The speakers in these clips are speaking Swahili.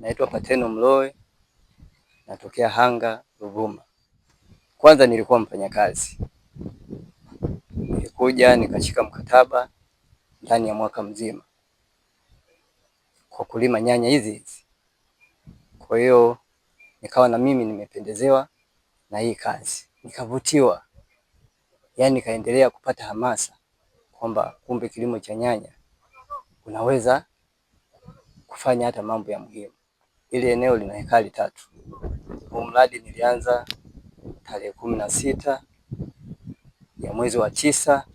naitwa Pateno Mloe, natokea Hanga Ruvuma. Kwanza nilikuwa mfanyakazi, nilikuja nikashika mkataba ndani ya mwaka mzima kwa kulima nyanya hizi hizi. Kwa hiyo nikawa na mimi nimependezewa na hii kazi, nikavutiwa, yaani nikaendelea kupata hamasa kwamba kumbe kilimo cha nyanya unaweza kufanya hata mambo ya muhimu. Hili eneo lina hekari tatu. Huu mradi nilianza tarehe kumi na sita ya mwezi wa tisa,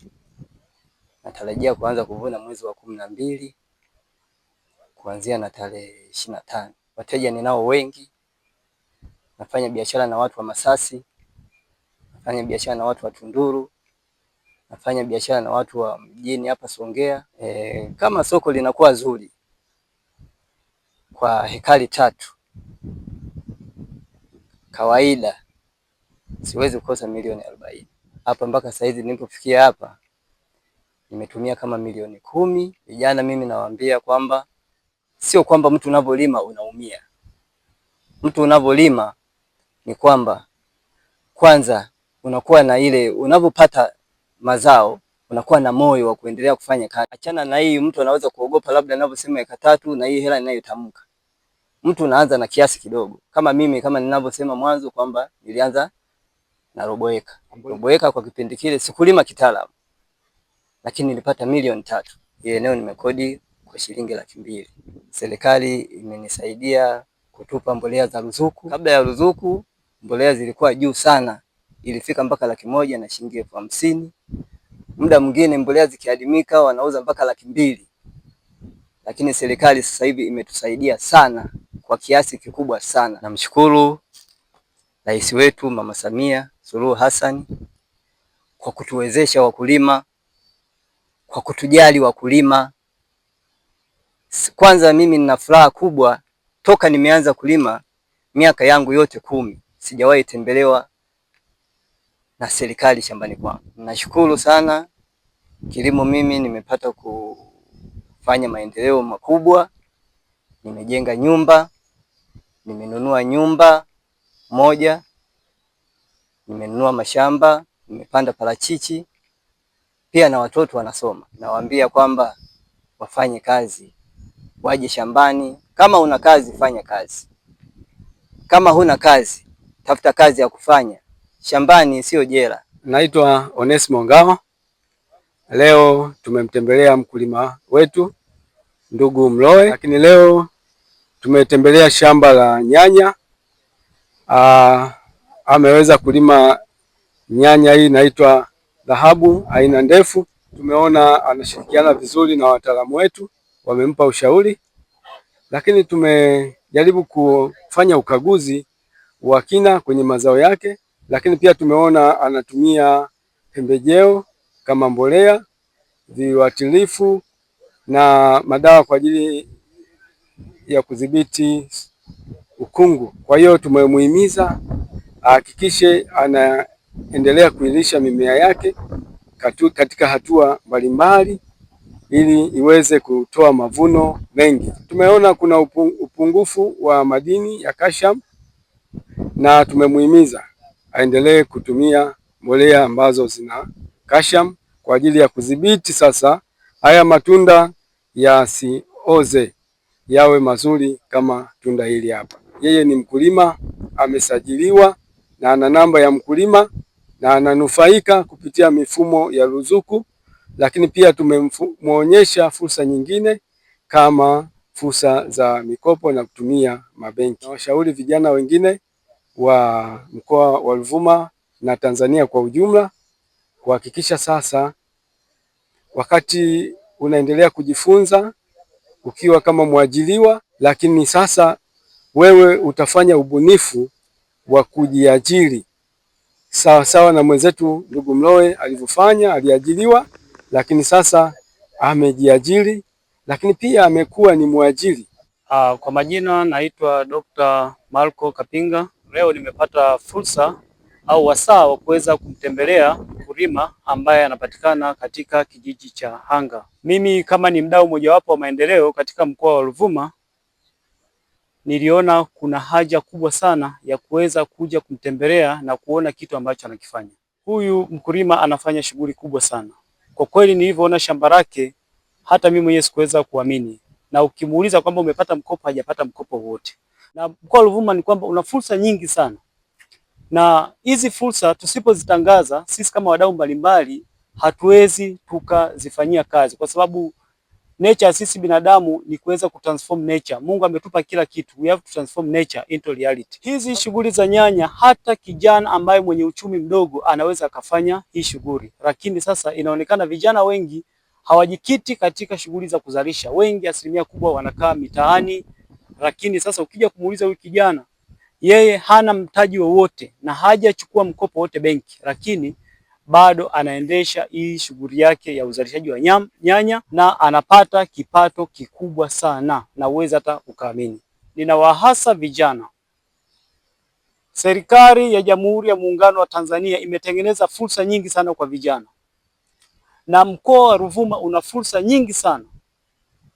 natarajia kuanza kuvuna mwezi wa kumi na mbili kuanzia na tarehe ishirini na tano. Wateja ninao wengi, nafanya biashara na watu wa Masasi, nafanya biashara na watu wa Tunduru, nafanya biashara na watu wa mjini hapa Songea. E, kama soko linakuwa zuri kwa hekari tatu kawaida siwezi kukosa milioni arobaini. Hapa mpaka saizi nilipofikia hapa nimetumia kama milioni kumi. Vijana mimi nawaambia kwamba sio kwamba mtu unavyolima unaumia, mtu unavyolima ni kwamba kwanza unakuwa na ile unavyopata mazao unakuwa na moyo wa kuendelea kufanya kazi. Achana na hii, mtu anaweza kuogopa labda anavyosema eka tatu na hii hela inayotamka mtu unaanza na kiasi kidogo, kama mimi, kama ninavyosema mwanzo kwamba nilianza na robo eka. Robo eka kwa kipindi kile sikulima kitaalamu, lakini nilipata milioni tatu. Ile eneo nimekodi kwa shilingi laki mbili. Serikali imenisaidia kutupa mbolea za ruzuku. Kabla ya ruzuku mbolea zilikuwa juu sana, ilifika mpaka laki moja na shilingi elfu hamsini. Muda mwingine mbolea zikiadimika wanauza mpaka laki mbili, lakini serikali sasa hivi imetusaidia sana kwa kiasi kikubwa sana. Namshukuru Rais wetu Mama Samia Suluhu Hassan kwa kutuwezesha wakulima, kwa kutujali wakulima. Kwanza mimi nina furaha kubwa, toka nimeanza kulima miaka yangu yote kumi sijawahi tembelewa na serikali shambani kwangu. Nashukuru sana kilimo, mimi nimepata kufanya maendeleo makubwa, nimejenga nyumba nimenunua nyumba moja, nimenunua mashamba, nimepanda parachichi pia, na watoto wanasoma. Nawaambia kwamba wafanye kazi, waje shambani. Kama una kazi fanya kazi, kama huna kazi tafuta kazi ya kufanya. Shambani sio jela. Naitwa Onesimo Ngawa. Leo tumemtembelea mkulima wetu ndugu Mloe, lakini leo tumetembelea shamba la nyanya. Aa, ah, ameweza kulima nyanya hii inaitwa dhahabu aina ndefu. Tumeona anashirikiana vizuri na wataalamu wetu, wamempa ushauri, lakini tumejaribu kufanya ukaguzi wa kina kwenye mazao yake, lakini pia tumeona anatumia pembejeo kama mbolea, viuatilifu na madawa kwa ajili ya kudhibiti ukungu. Kwa hiyo tumemuhimiza ahakikishe anaendelea kuilisha mimea yake katu, katika hatua mbalimbali ili iweze kutoa mavuno mengi. Tumeona kuna upungufu wa madini ya kasham na tumemuhimiza aendelee kutumia mbolea ambazo zina kasham kwa ajili ya kudhibiti sasa haya matunda yasioze yawe mazuri kama tunda hili hapa. Yeye ni mkulima, amesajiliwa na ana namba ya mkulima na ananufaika kupitia mifumo ya ruzuku, lakini pia tumemwonyesha fursa nyingine kama fursa za mikopo na kutumia mabenki. Nawashauri vijana wengine wa mkoa wa Ruvuma na Tanzania kwa ujumla kuhakikisha sasa wakati unaendelea kujifunza ukiwa kama mwajiliwa, lakini sasa wewe utafanya ubunifu wa kujiajiri sawa sawa na mwenzetu ndugu Mlowe alivyofanya. aliajiliwa lakini sasa amejiajiri, lakini pia amekuwa ni mwajiri. Aa, ah, kwa majina naitwa Dr. Marco Kapinga. Leo nimepata fursa au wasaa wa kuweza kumtembelea Mrima ambaye anapatikana katika kijiji cha Hanga. Mimi kama ni mdau mojawapo wa maendeleo katika mkoa wa Ruvuma, niliona kuna haja kubwa sana ya kuweza kuja kumtembelea na kuona kitu ambacho anakifanya. Huyu mkulima anafanya shughuli kubwa sana. Kwa kweli nilivyoona shamba lake hata mimi mwenyewe sikuweza kuamini. Na ukimuuliza kwamba umepata mkopo, hajapata mkopo wote. Na mkoa wa Ruvuma ni kwamba una fursa nyingi sana na hizi fursa tusipozitangaza sisi kama wadau mbalimbali, hatuwezi tukazifanyia kazi, kwa sababu nature, sisi binadamu ni kuweza kutransform nature. Mungu ametupa kila kitu, we have to transform nature into reality. Hizi shughuli za nyanya, hata kijana ambaye mwenye uchumi mdogo anaweza akafanya hii shughuli, lakini sasa inaonekana vijana wengi hawajikiti katika shughuli za kuzalisha, wengi asilimia kubwa wanakaa mitaani. Lakini sasa ukija kumuuliza huyu kijana yeye hana mtaji wowote na hajachukua mkopo wote benki, lakini bado anaendesha hii shughuli yake ya uzalishaji wa nyam, nyanya na anapata kipato kikubwa sana, na uwezi hata ukaamini. Ninawahasa vijana, serikali ya Jamhuri ya Muungano wa Tanzania imetengeneza fursa nyingi sana kwa vijana, na mkoa wa Ruvuma una fursa nyingi sana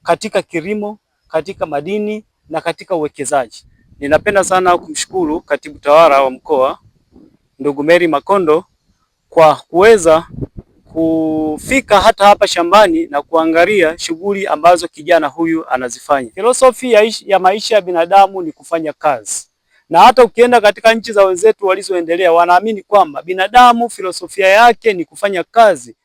katika kilimo, katika madini na katika uwekezaji. Ninapenda sana kumshukuru katibu tawala wa mkoa ndugu Mary Makondo kwa kuweza kufika hata hapa shambani na kuangalia shughuli ambazo kijana huyu anazifanya. Filosofi ya, ya maisha ya binadamu ni kufanya kazi, na hata ukienda katika nchi za wenzetu walizoendelea wanaamini kwamba binadamu filosofia yake ni kufanya kazi